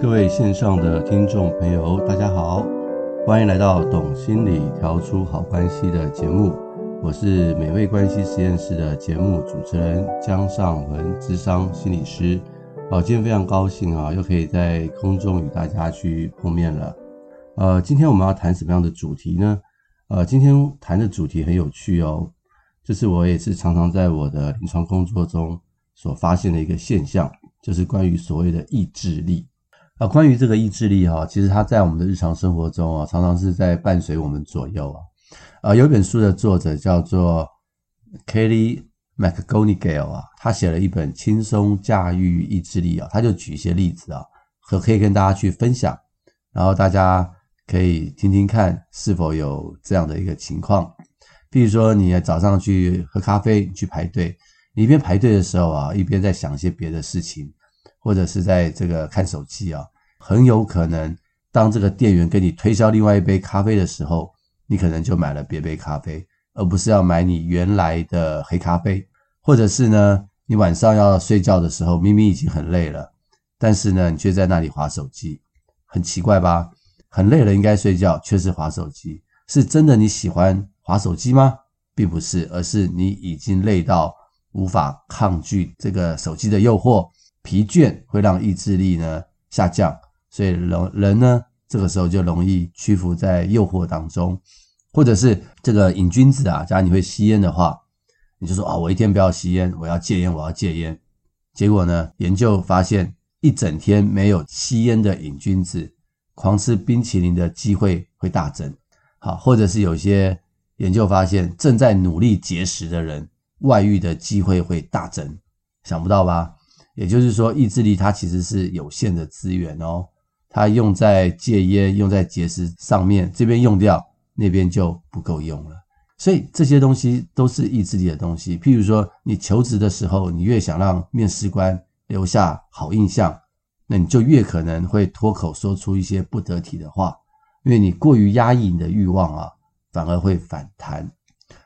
各位線上的聽眾朋友，大家好，歡迎來到《懂心理調出好關係》的節目，我是美味關係實驗室的節目主持人姜尚文，諮商心理師。啊，今天非常高興啊，又可以在空中與大家去碰面了。呃，今天我們要談什麼樣的主題呢？呃，今天談的主題很有趣哦，這是我也是常常在我的臨床工作中所發現的一個現象，就是關於所謂的意志力。啊，關於這個意志力哈、啊，其實它在我們的日常生活中啊，常常是在伴隨我們左右啊。啊，有本書的作者叫做 Kelly McGonigal 啊，他寫了一本《輕鬆駕馭意志力》啊，他就舉一些例子啊，和可，可以跟大家去分享，然後大家可以聽聽看是否有這樣的一個情況，譬如說，你早上去喝咖啡，你去排隊，你一邊排隊的時候啊，一邊在想一些別的事情，或者是在這個看手機啊。很有可能，當這個店員跟你推銷另外一杯咖啡的時候，你可能就買了別杯咖啡，而不是要買你原來的黑咖啡。或者是呢，你晚上要睡覺的時候，明明已經很累了，但是呢，你卻在那裡滑手機，很奇怪吧？很累了，應該睡覺，卻是滑手機，是真的你喜歡滑手機嗎？並不是，而是你已經累到無法抗拒這個手機的誘惑。疲倦會讓意志力呢下降。所以人人呢，這個時候就容易屈服在誘惑當中，或者是這個癮君子啊，假如你會吸菸的話，你就說啊，哦，我一天不要吸菸，我要戒菸，我要戒菸。結果呢，研究發現，一整天沒有吸菸的癮君子，狂吃冰淇淋的機會會大增。好，或者是有些研究發現，正在努力節食的人，外遇的機會會大增。想不到吧？也就是說，意志力它其實是有限的資源哦。它用在戒菸、用在節食上面，這邊用掉，那邊就不夠用了。所以這些東西都是意志力的東西。譬如說，你求職的時候，你越想讓面試官留下好印象，那你就越可能會脫口說出一些不得體的話，因為你過於壓抑你的欲望啊，反而會反彈。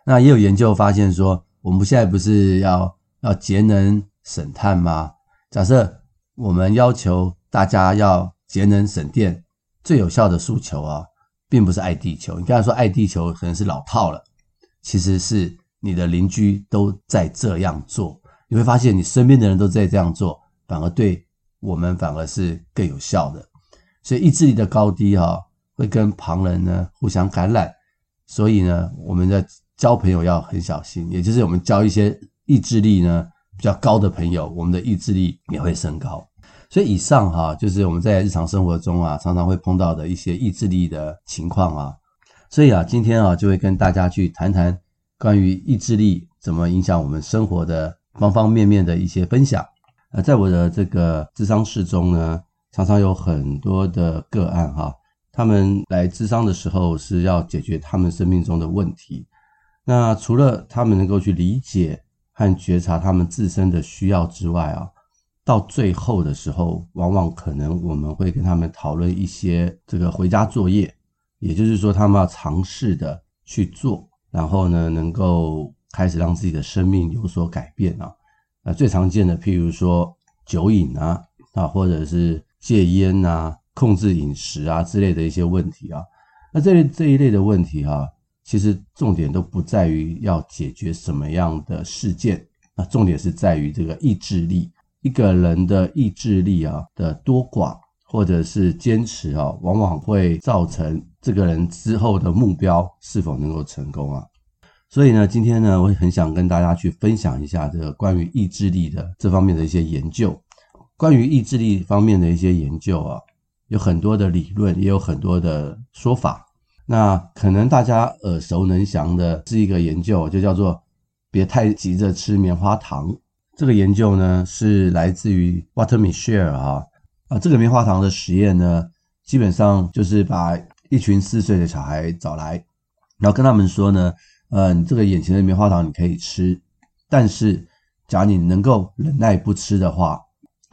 那也有研究發現說，我們現在不是要要節能省碳嗎？假設我們要求大家要。節能省電最有效的訴求啊，並不是愛地球。你剛才說愛地球可能是老套了，其實是你的鄰居都在這樣做，你會發現你身邊的人都在這樣做，反而對我們反而是更有效的。所以意志力的高低啊，會跟旁人呢互相感染。所以呢，我們在交朋友要很小心，也就是我們交一些意志力呢比較高的朋友，我們的意志力也會升高。所以以上哈、啊，就是我們在日常生活中啊，常常會碰到的一些意志力的情況啊。所以啊，今天啊，就會跟大家去談談關於意志力怎麼影響我們生活的方方面面的一些分享。呃，在我的這個諮商室中呢，常常有很多的個案哈、啊，他們來諮商的時候是要解決他們生命中的問題。那除了他們能夠去理解和覺察他們自身的需要之外啊。到最後的時候，往往可能我們會跟他們討論一些這個回家作業，也就是說他們要嘗試的去做，然後呢，能夠開始讓自己的生命有所改變啊。那、啊、最常見的，譬如說酒癮啊啊，或者是戒菸啊、控制飲食啊之類的一些問題啊。那這這一類的問題哈、啊，其實重點都不在於要解決什麼樣的事件，那、啊、重點是在於這個意志力。一個人的意志力啊的多寡，或者是堅持啊，往往會造成這個人之後的目標是否能夠成功啊。所以呢，今天呢，我也很想跟大家去分享一下這個關於意志力的這方面的一些研究，關於意志力方面的一些研究啊，有很多的理論，也有很多的說法。那可能大家耳熟能詳的是一個研究，就叫做“別太急着吃棉花糖”。這個研究呢是來自於 Walter Mischel 哈啊、呃，這個棉花糖的實驗呢，基本上就是把一群四歲的小孩找來，然後跟他們說呢，嗯、呃，這個眼前的棉花糖你可以吃，但是假如你能夠忍耐不吃的話，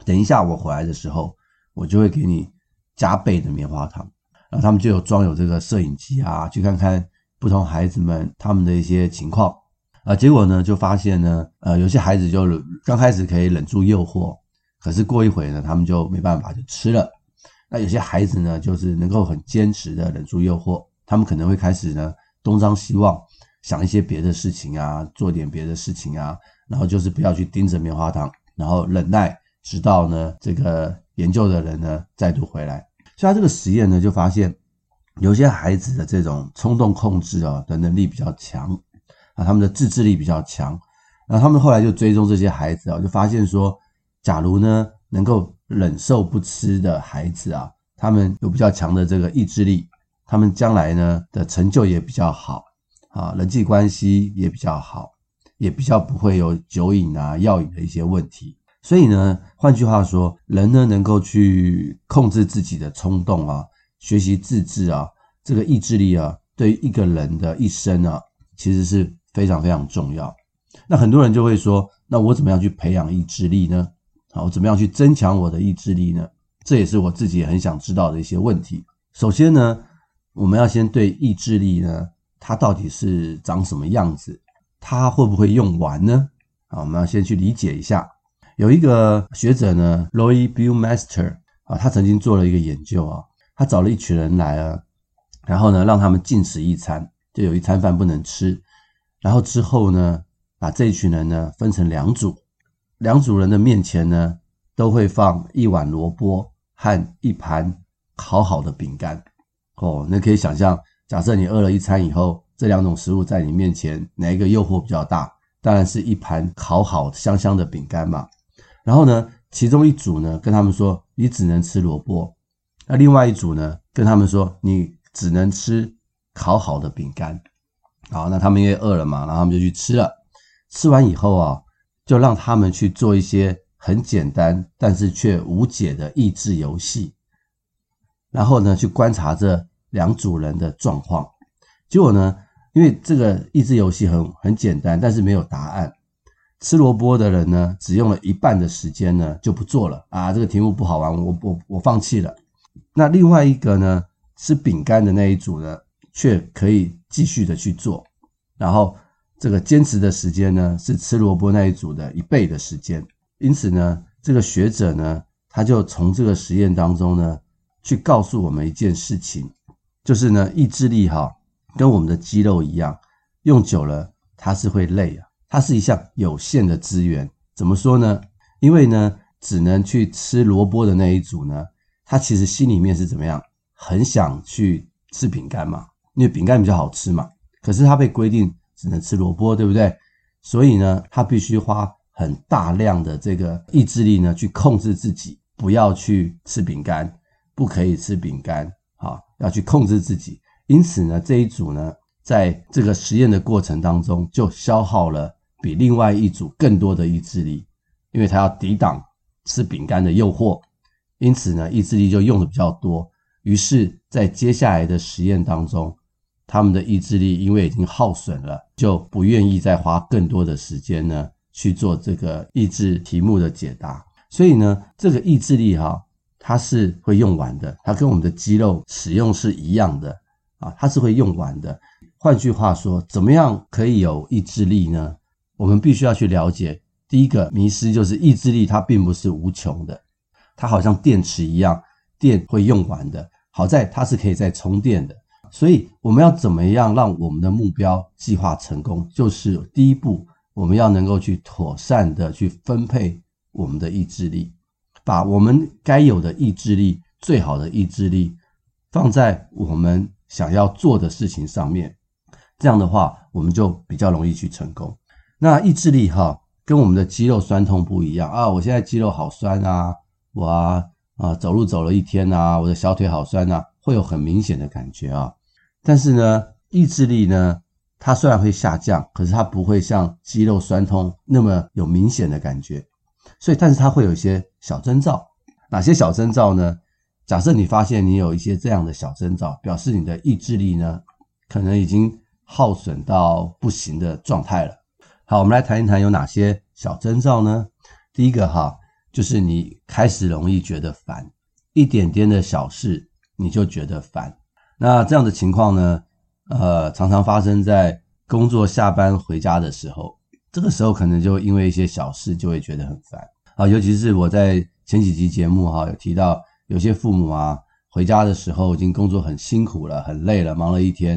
等一下我回來的時候，我就會給你加倍的棉花糖。然後他們就有裝有這個攝影機啊，去看看不同孩子們他們的一些情況。啊，結果呢，就發現呢，呃，有些孩子就剛開始可以忍住誘惑，可是過一會呢，他們就沒辦法就吃了。那有些孩子呢，就是能夠很堅持的忍住誘惑，他們可能會開始呢東張西望，想一些別的事情啊，做點別的事情啊，然後就是不要去盯着棉花糖，然後忍耐，直到呢這個研究的人呢再度回來。所以他這個實驗呢，就發現有些孩子的這種衝動控制啊、哦、的能、能力比較強。啊，他們的自制力比較強，那他們後來就追蹤這些孩子啊，就發現說，假如呢能夠忍受不吃的孩子啊，他們有比較強的這個意志力，他們將來呢的成就也比較好，啊，人際關係也比較好，也比較不會有酒癮啊、藥癮的一些問題。所以呢，換句話說，人呢能夠去控制自己的衝動啊，學習自制啊，這個意志力啊，對一個人的一生啊，其實是，非常非常重要。那很多人就會說：“那我怎麼樣去培養意志力呢？啊，我怎麼樣去增強我的意志力呢？”這也是我自己很想知道的一些問題。首先呢，我們要先對意志力呢，它到底是長什麼樣子？它會不會用完呢？啊，我們要先去理解一下。有一個學者呢，Roy Baumeister 啊，他曾經做了一個研究啊，他找了一群人來啊，然後呢，讓他們進食一餐，就有一餐飯不能吃。然後之後呢，把這一群人呢分成兩組，兩組人的面前呢都會放一碗蘿蔔和一盤烤好的餅乾。哦，那可以想象，假設你餓了一餐以後，這兩種食物在你面前，哪一個誘惑比較大？當然是一盤烤好香香的餅乾嘛。然後呢，其中一組呢跟他們說，你只能吃蘿蔔；那另外一組呢跟他們說，你只能吃烤好的餅乾。好，那他們因為餓了嘛，然後他們就去吃了。吃完以後啊，就讓他們去做一些很簡單，但是卻無解的益智遊戲，然後呢，去觀察這兩組人的狀況。結果呢，因為這個益智遊戲很很簡單，但是沒有答案。吃蘿蔔的人呢，只用了一半的時間呢，就不做了啊，這個題目不好玩，我我我放棄了。那另外一個呢，吃餅乾的那一組呢，卻可以。繼續的去做，然後這個堅持的時間呢，是吃蘿蔔那一組的一倍的時間。因此呢，這個學者呢，他就從這個實驗當中呢，去告訴我們一件事情，就是呢，意志力哈，跟我們的肌肉一樣，用久了它是會累啊，它是一項有限的資源。怎麼說呢？因為呢，只能去吃蘿蔔的那一組呢，他其實心裡面是怎麼樣，很想去吃餅乾嘛。因為餅乾比較好吃嘛，可是他被規定只能吃蘿蔔，對不對？所以呢，他必須花很大量的這個意志力呢，去控制自己不要去吃餅乾，不可以吃餅乾啊，要去控制自己。因此呢，這一組呢，在這個實驗的過程當中，就消耗了比另外一組更多的意志力，因為他要抵擋吃餅乾的誘惑。因此呢，意志力就用的比較多。於是，在接下來的實驗當中，他們的意志力因為已經耗損了，就不願意再花更多的時間呢去做這個意志題目的解答。所以呢，這個意志力哈、哦，它是會用完的。它跟我們的肌肉使用是一樣的啊，它是會用完的。換句話說，怎麼樣可以有意志力呢？我們必須要去了解。第一個迷思就是意志力，它並不是無窮的，它好像電池一樣，電會用完的。好在它是可以再充電的。所以我們要怎麼樣讓我們的目標計劃成功？就是第一步，我們要能夠去妥善的去分配我們的意志力，把我們該有的意志力，最好的意志力放在我們想要做的事情上面。這樣的話，我們就比較容易去成功。那意志力哈，跟我們的肌肉酸痛不一樣啊。我現在肌肉好酸啊，我啊啊，走路走了一天吶，啊，我的小腿好酸吶，啊，會有很明顯的感覺啊。但是呢，意志力呢，它雖然會下降，可是它不會像肌肉痠痛那麼有明顯的感覺，所以但是它會有一些小徵兆。哪些小徵兆呢？假設你發現你有一些這樣的小徵兆，表示你的意志力呢，可能已經耗損到不行的狀態了。好，我們來談一談有哪些小徵兆呢？第一個哈，就是你開始容易覺得煩，一點點的小事你就覺得煩。那這樣的情況呢，呃，常常發生在工作下班回家的時候。這個時候可能就因為一些小事就會覺得很煩啊。尤其是我在前幾集節目哈、哦、有提到，有些父母啊回家的時候已經工作很辛苦了，很累了，忙了一天，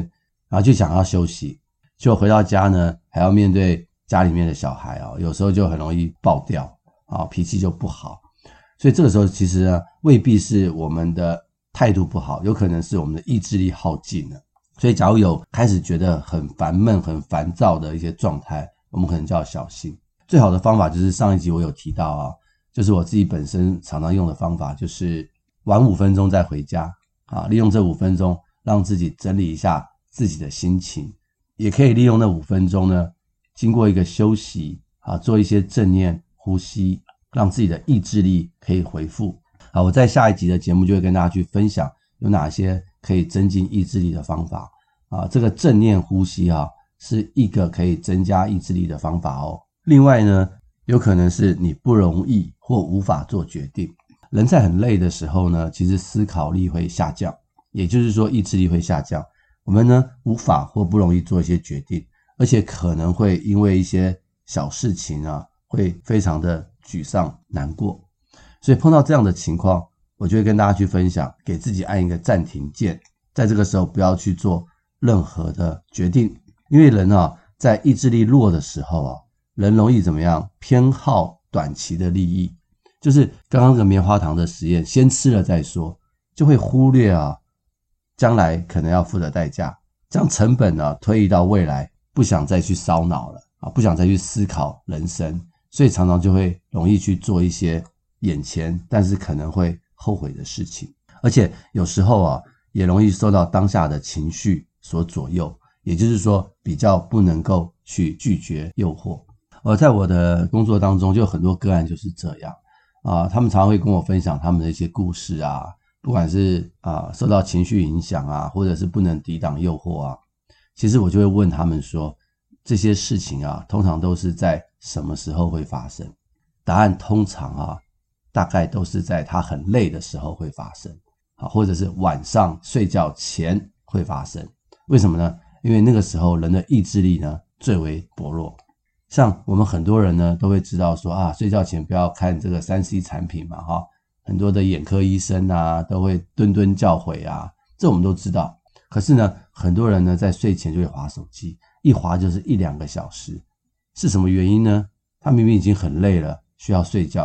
然後就想要休息，就回到家呢還要面對家裡面的小孩啊、哦，有時候就很容易爆掉啊、哦，脾氣就不好。所以這個時候其實呢未必是我們的。態度不好，有可能是我們的意志力耗盡了。所以，假如有開始覺得很煩悶、很煩躁的一些狀態，我們可能就要小心。最好的方法就是上一集我有提到啊，就是我自己本身常常用的方法，就是晚五分鐘再回家啊，利用這五分鐘讓自己整理一下自己的心情，也可以利用那五分鐘呢，經過一個休息啊，做一些正念呼吸，讓自己的意志力可以回復。好，我在下一集的節目就會跟大家去分享有哪些可以增進意志力的方法啊。這個正念呼吸啊，是一個可以增加意志力的方法哦。另外呢，有可能是你不容易或無法做決定。人在很累的時候呢，其實思考力會下降，也就是說意志力會下降，我們呢無法或不容易做一些決定，而且可能會因為一些小事情啊，會非常的沮喪難過。所以碰到這樣的情況，我就會跟大家去分享，給自己按一個暫停鍵，在這個時候不要去做任何的決定，因為人啊，在意志力弱的時候啊，人容易怎麼樣？偏好短期的利益，就是剛剛這個棉花糖的實驗，先吃了再說，就會忽略啊，將來可能要付的代價，將成本呢啊推移到未來，不想再去燒腦了啊，不想再去思考人生，所以常常就會容易去做一些眼前，但是可能會後悔的事情，而且有時候啊，也容易受到當下的情緒所左右，也就是說，比較不能夠去拒絕誘惑。而在我的工作當中，就很多個案就是這樣啊，他們常會跟我分享他們的一些故事啊，不管是啊受到情緒影響啊，或者是不能抵擋誘惑啊，其實我就會問他們說，這些事情啊，通常都是在什麼時候會發生？答案通常啊。大概都是在他很累的時候會發生，好，或者是晚上睡覺前會發生。為什麼呢？因為那個時候人的意志力呢最為薄弱。像我們很多人呢都會知道說啊，睡覺前不要看這個三 C 產品嘛，哈，很多的眼科醫生啊都會諄諄教誨啊，這我們都知道。可是呢，很多人呢在睡前就會滑手機，一滑就是一兩個小時，是什麼原因呢？他明明已經很累了，需要睡覺。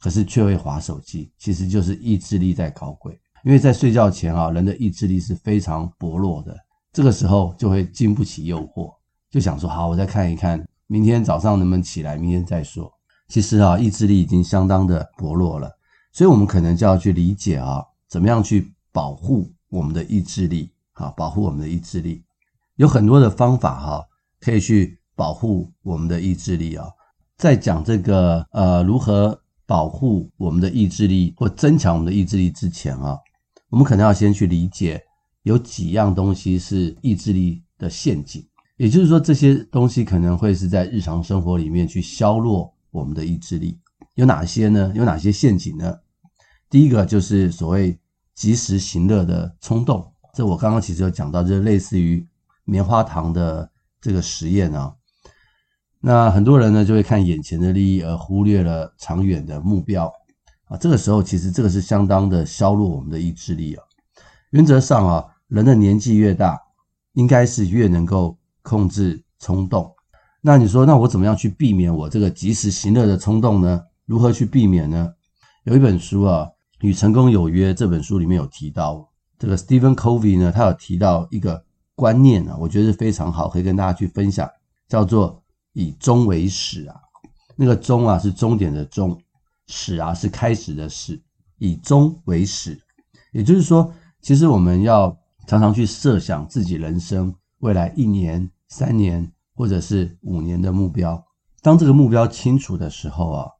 可是卻會滑手機，其實就是意志力在搞鬼。因為在睡覺前啊，人的意志力是非常薄弱的，這個時候就會經不起誘惑，就想說：好，我再看一看，明天早上能不能起來，明天再說。其實啊，意志力已經相當的薄弱了，所以我們可能就要去理解啊，怎麼樣去保護我們的意志力啊，保護我們的意志力，有很多的方法哈、啊，可以去保護我們的意志力啊。再講這個呃，如何。保護我們的意志力或增強我們的意志力之前啊，我們可能要先去理解有幾樣東西是意志力的陷阱，也就是說這些東西可能會是在日常生活裡面去削弱我們的意志力，有哪些呢？有哪些陷阱呢？第一個就是所謂及時行樂的衝動，這我剛剛其實有講到，就是類似於棉花糖的這個實驗啊。那很多人呢就會看眼前的利益，而忽略了長遠的目標啊。這個時候，其實這個是相當的削弱我們的意志力啊。原則上啊，人的年紀越大，應該是越能夠控制衝動。那你說，那我怎麼樣去避免我這個及時行樂的衝動呢？如何去避免呢？有一本書啊，《與成功有約》這本書裡面有提到，這個 Stephen Covey 呢，他有提到一個觀念啊，我覺得是非常好，可以跟大家去分享，叫做。以終為始啊，那個終啊是終點的終，始啊是開始的始。以終為始，也就是說，其實我們要常常去設想自己人生未來一年、三年或者是五年的目標。當這個目標清楚的時候啊，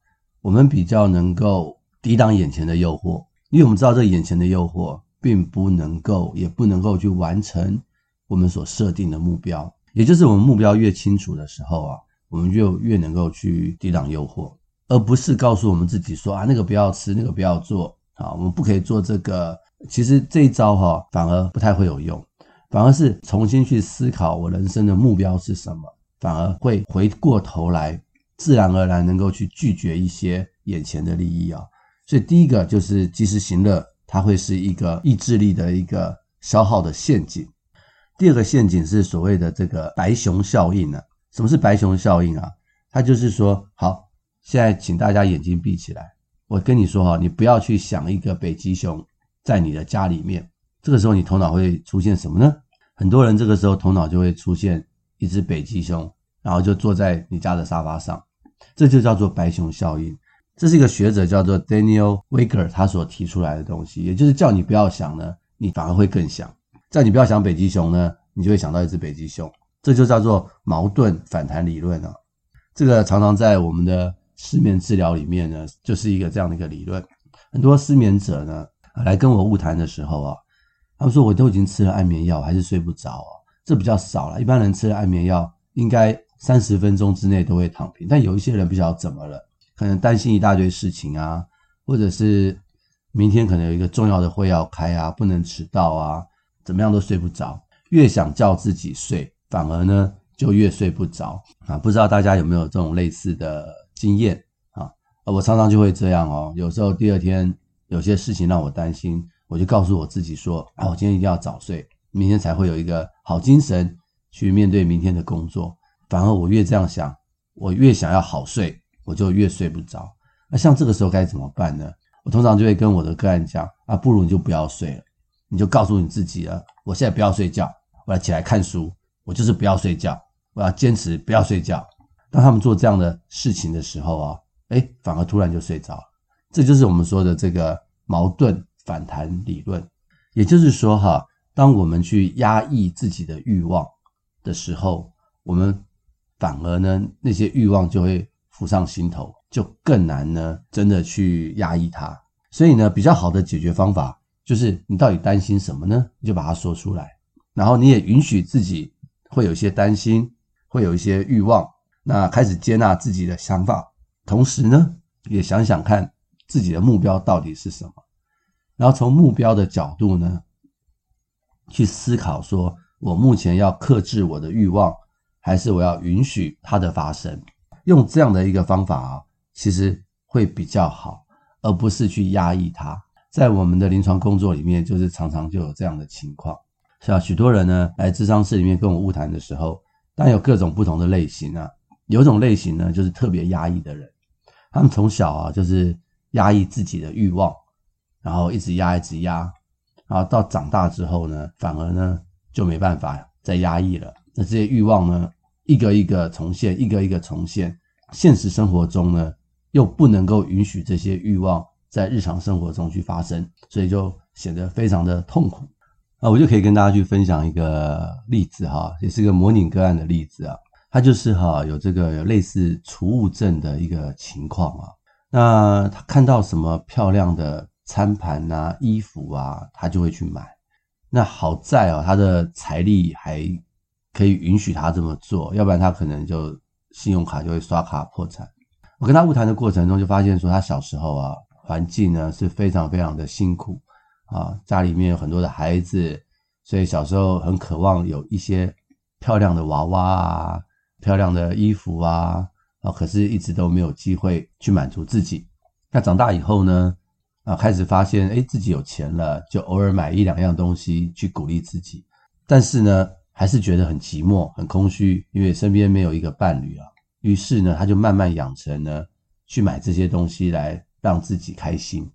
我們比較能夠抵擋眼前的誘惑，因為我們知道這個眼前的誘惑並不能夠，也不能夠去完成我們所設定的目標。也就是我們目標越清楚的時候啊，我們就越能夠去抵擋誘惑，而不是告訴我們自己說啊，那個不要吃，那個不要做啊，我們不可以做這個。其實這一招哈、啊，反而不太會有用，反而是重新去思考我人生的目標是什麼，反而會回過頭來，自然而然能夠去拒絕一些眼前的利益啊。所以第一個就是及時行樂，它會是一個意志力的一個消耗的陷阱。第二個陷阱是所謂的這個白熊效應呢、啊？什麼是白熊效應啊？它就是說，好，現在請大家眼睛閉起來，我跟你說哈、哦，你不要去想一個北極熊在你的家裡面，這個時候你頭腦會出現什麼呢？很多人這個時候頭腦就會出現一只北極熊，然後就坐在你家的沙發上，這就叫做白熊效應。這是一個學者叫做 Daniel Wegner 他所提出來的東西，也就是叫你不要想呢，你反而會更想。在你不要想北極熊呢，你就會想到一只北極熊，這就叫做矛盾反彈理論啊。這個常常在我們的失眠治療裡面呢，就是一個這樣的一個理論。很多失眠者呢，來跟我晤談的時候啊，他們說，我都已經吃了安眠藥，還是睡不着啊。這比較少啦，一般人吃了安眠藥應該三十分鐘之內都會躺平，但有一些人不知道怎麼了，可能擔心一大堆事情啊，或者是明天可能有一個重要的會要開啊，不能遲到啊。怎麼樣都睡不着，越想叫自己睡，反而呢就越睡不着啊！不知道大家有沒有這種類似的經驗啊？我常常就會這樣哦，有時候第二天有些事情讓我擔心，我就告訴我自己說：“啊，我今天一定要早睡，明天才會有一個好精神去面對明天的工作。”反而我越這樣想，我越想要好睡，我就越睡不着。那、啊、像這個時候該怎麼辦呢？我通常就會跟我的個案講：“啊，不如你就不要睡了。”你就告訴你自己啊，我現在不要睡覺，我要起來看書，我就是不要睡覺，我要堅持不要睡覺。當他們做這樣的事情的時候啊，哎，反而突然就睡着。這就是我們說的這個矛盾反彈理論。也就是說哈，當我們去壓抑自己的欲望的時候，我們反而呢，那些欲望就會浮上心頭，就更難呢，真的去壓抑它。所以呢，比較好的解決方法。就是你到底擔心什麼呢？你就把它說出來，然後你也允許自己會有一些擔心，會有一些慾望，那開始接納自己的想法，同時呢，也想想看自己的目標到底是什麼，然後從目標的角度呢，去思考說我目前要克制我的慾望，還是我要允許它的發生。用這樣的一個方法啊，其實會比較好，而不是去壓抑它。在我們的臨床工作裡面，就是常常就有這樣的情況，像、啊、許多人呢來諮商室裡面跟我晤談的時候，當然有各種不同的類型啊，有種類型呢就是特別壓抑的人，他們從小啊就是壓抑自己的欲望，然後一直壓一直壓，然後到長大之後呢，反而呢就沒辦法再壓抑了，那這些欲望呢一個一個重現，一個一個重現，現實生活中呢又不能夠允許這些欲望在日常生活中去發生，所以就顯得非常的痛苦啊！我就可以跟大家去分享一個例子哈，也是個模擬個案的例子啊。他就是哈有這個有類似儲物症的一個情況啊。那他看到什麼漂亮的餐盤啊、衣服啊，他就會去買。那好在啊，他的財力還可以允許他這麼做，要不然他可能就信用卡就會刷卡破產。我跟他晤談的過程中就發現說，他小時候啊。環境呢是非常非常的辛苦，啊，家裡面有很多的孩子，所以小時候很渴望有一些漂亮的娃娃啊、漂亮的衣服啊，啊，可是一直都沒有機會去滿足自己。那長大以後呢，啊，開始發現，哎、欸，自己有錢了，就偶爾買一兩樣東西去鼓勵自己。但是呢，還是覺得很寂寞、很空虛，因為身邊沒有一個伴侶啊。於是呢，他就慢慢養成呢去買這些東西來。讓自己開心，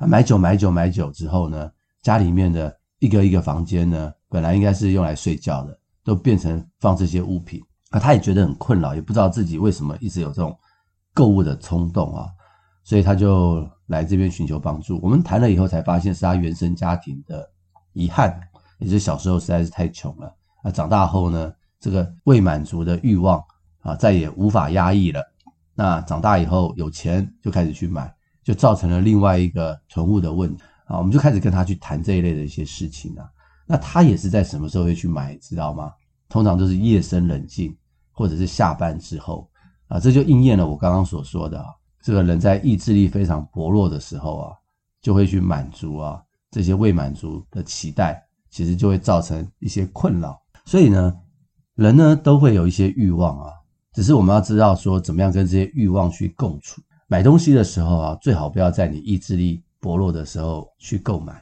買酒買酒買酒之後呢，家裡面的一個一個房間呢，本來應該是用來睡覺的，都變成放這些物品啊。他也覺得很困擾，也不知道自己為什麼一直有這種購物的衝動啊，所以他就來這邊尋求幫助。我們談了以後才發現，是他原生家庭的遺憾，也是小時候實在是太窮了啊。長大後呢，這個未滿足的慾望啊，再也無法壓抑了。那長大以後有錢就開始去買。就造成了另外一個囤物的問題啊，我們就開始跟他去談這一類的一些事情啊。那他也是在什麼時候會去買，知道嗎？通常都是夜深人靜，或者是下班之後啊，這就應驗了我剛剛所說的，這個人在意志力非常薄弱的時候啊，就會去滿足啊這些未滿足的期待，其實就會造成一些困擾。所以呢，人呢都會有一些慾望啊，只是我們要知道說怎麼樣跟這些慾望去共處。買東西的時候啊，最好不要在你意志力薄弱的時候去購買。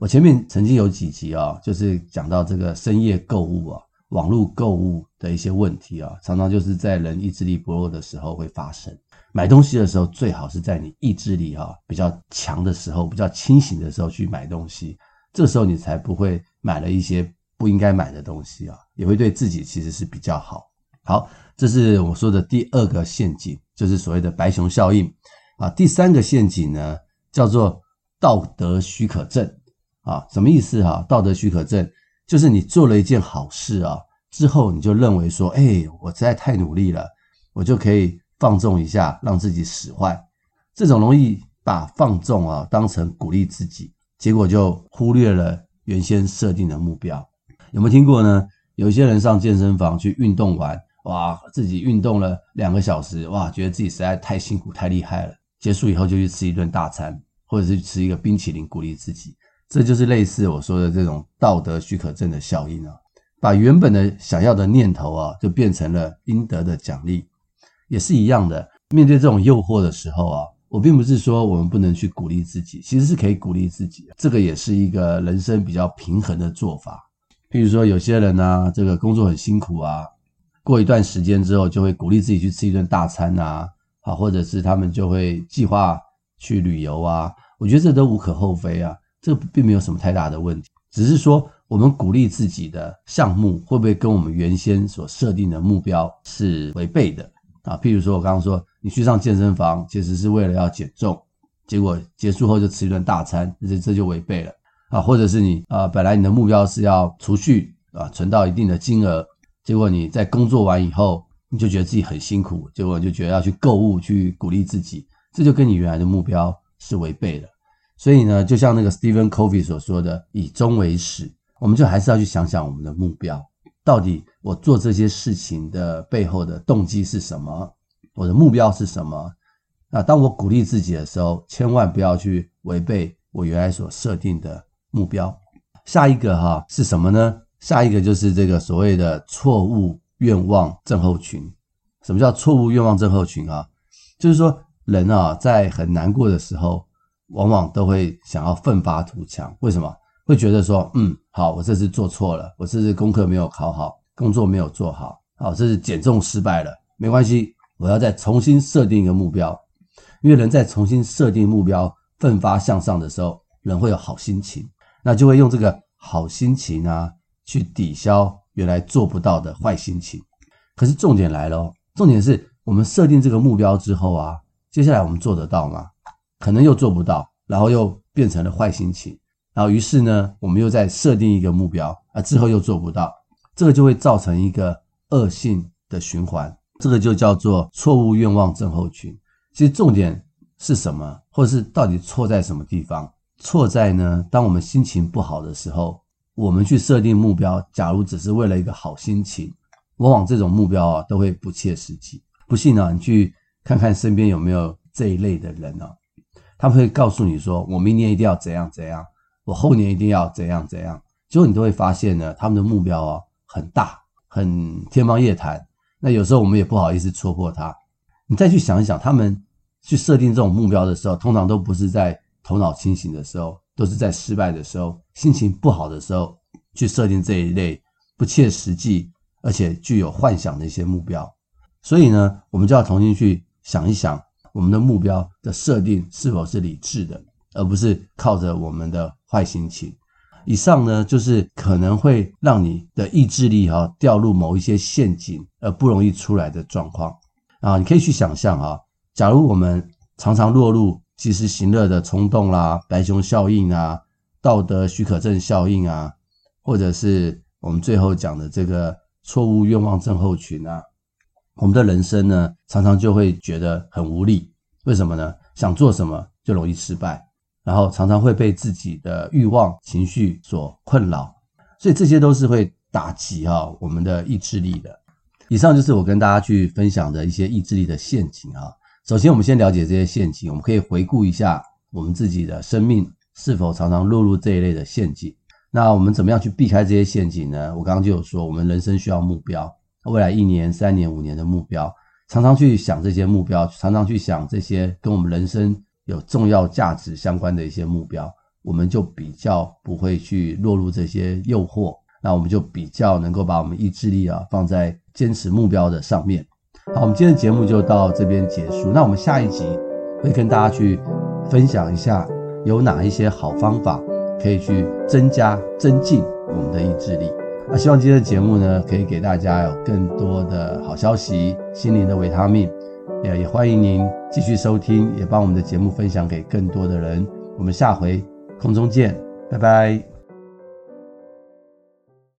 我前面曾經有幾集啊，就是講到這個深夜購物啊、網絡購物的一些問題啊，常常就是在人意志力薄弱的時候會發生。買東西的時候，最好是在你意志力啊比較強的時候、比較清醒的時候去買東西，這時候你才不會買了一些不應該買的東西啊，也會對自己其實是比較好。好。這是我說的第二個陷阱，就是所謂的白熊效應啊。第三個陷阱呢，叫做道德許可證啊。什麼意思哈，啊？道德許可證就是你做了一件好事啊，之後你就認為說，哎，我實在太努力了，我就可以放縱一下，讓自己使壞。這種容易把放縱啊當成鼓勵自己，結果就忽略了原先設定的目標。有沒有聽過呢？有一些人上健身房去運動完。哇，自己運動了兩個小時，哇，覺得自己實在太辛苦、太厲害了。結束以後就去吃一頓大餐，或者是去吃一個冰淇淋鼓勵自己，這就是類似我說的這種道德許可證的效應啊。把原本的想要的念頭啊，就變成了應得的獎勵，也是一樣的。面對這種誘惑的時候啊，我並不是說我們不能去鼓勵自己，其實是可以鼓勵自己，這個也是一個人生比較平衡的做法。譬如說，有些人啊，這個工作很辛苦啊。過一段時間之後，就會鼓勵自己去吃一頓大餐啊，或者是他們就會計劃去旅遊啊。我覺得這都無可厚非啊，這並沒有什麼太大的問題，只是說我們鼓勵自己的項目會不會跟我們原先所設定的目標是違背的啊？譬如說我剛剛說，你去上健身房，其實是為了要減重，結果結束後就吃一頓大餐，這這就違背了啊。或者是你啊、呃，本來你的目標是要儲蓄啊、呃，存到一定的金額。結果你在工作完以後，你就覺得自己很辛苦，結果你就覺得要去購物去鼓勵自己，這就跟你原來的目標是違背的。所以呢，就像那個 Stephen Covey 所說的“以終為始”，我們就還是要去想想我們的目標到底，我做這些事情的背後的動機是什麼，我的目標是什麼。那當我鼓勵自己的時候，千萬不要去違背我原來所設定的目標。下一個哈是什麼呢？下一個就是這個所謂的錯誤願望症候群。什麼叫錯誤願望症候群啊？就是說人啊，在很難過的時候，往往都會想要奮發圖強。為什麼？會覺得說，嗯，好，我這次做錯了，我這次功課沒有考好，工作沒有做好，好，這次減重失敗了，沒關係，我要再重新設定一個目標。因為人在重新設定目標、奮發向上的時候，人會有好心情，那就會用這個好心情啊。去抵消原來做不到的壞心情，可是重點來了，重點是我們設定這個目標之後啊，接下來我們做得到嗎？可能又做不到，然後又變成了壞心情，然後於是呢，我們又再設定一個目標啊，之後又做不到，這個就會造成一個惡性的循環，這個就叫做錯誤願望症候群。其實重點是什麼？或者是到底錯在什麼地方？錯在呢，當我們心情不好的時候，我們去設定目標，假如只是為了一個好心情，往往這種目標啊都會不切實際。不信呢、啊，你去看看身邊有沒有這一類的人呢、啊？他們會告訴你說：“我明年一定要怎樣怎樣，我後年一定要怎樣怎樣。”結果你都會發現呢，他們的目標啊很大，很天方夜譚。那有時候我們也不好意思戳破他。你再去想一想，他們去設定這種目標的時候，通常都不是在頭腦清醒的時候。都是在失敗的時候、心情不好的時候，去設定這一類不切實際而且具有幻想的一些目標。所以呢，我們就要重新去想一想，我們的目標的設定是否是理智的，而不是靠着我們的壞心情。以上呢，就是可能會讓你的意志力哈、啊、掉入某一些陷阱而不容易出來的狀況啊。你可以去想象啊，假如我們常常落入。及時行樂的衝動啦、啊，白熊效應啊，道德許可證效應啊，或者是我們最後講的這個錯誤願望症候群啊，我們的人生呢，常常就會覺得很無力。為什麼呢？想做什麼就容易失敗，然後常常會被自己的欲望情緒所困擾，所以這些都是會打擊哈、哦、我們的意志力的。以上就是我跟大家去分享的一些意志力的陷阱啊。首先，我們先了解這些陷阱。我們可以回顧一下我們自己的生命是否常常落入這一類的陷阱。那我們怎麼樣去避開這些陷阱呢？我剛剛就有說，我們人生需要目標，未來一年、三年、五年的目標，常常去想這些目標，常常去想這些跟我們人生有重要價值相關的一些目標，我們就比較不會去落入這些誘惑。那我們就比較能夠把我們意志力啊放在堅持目標的上面。好，我們今天的節目就到這邊結束。那我們下一集會跟大家去分享一下有哪一些好方法可以去增加、增進我們的意志力。那希望今天的節目呢，可以給大家有更多的好消息，心靈的維他命。也也歡迎您繼續收聽，也幫我們的節目分享給更多的人。我們下回空中見，拜拜。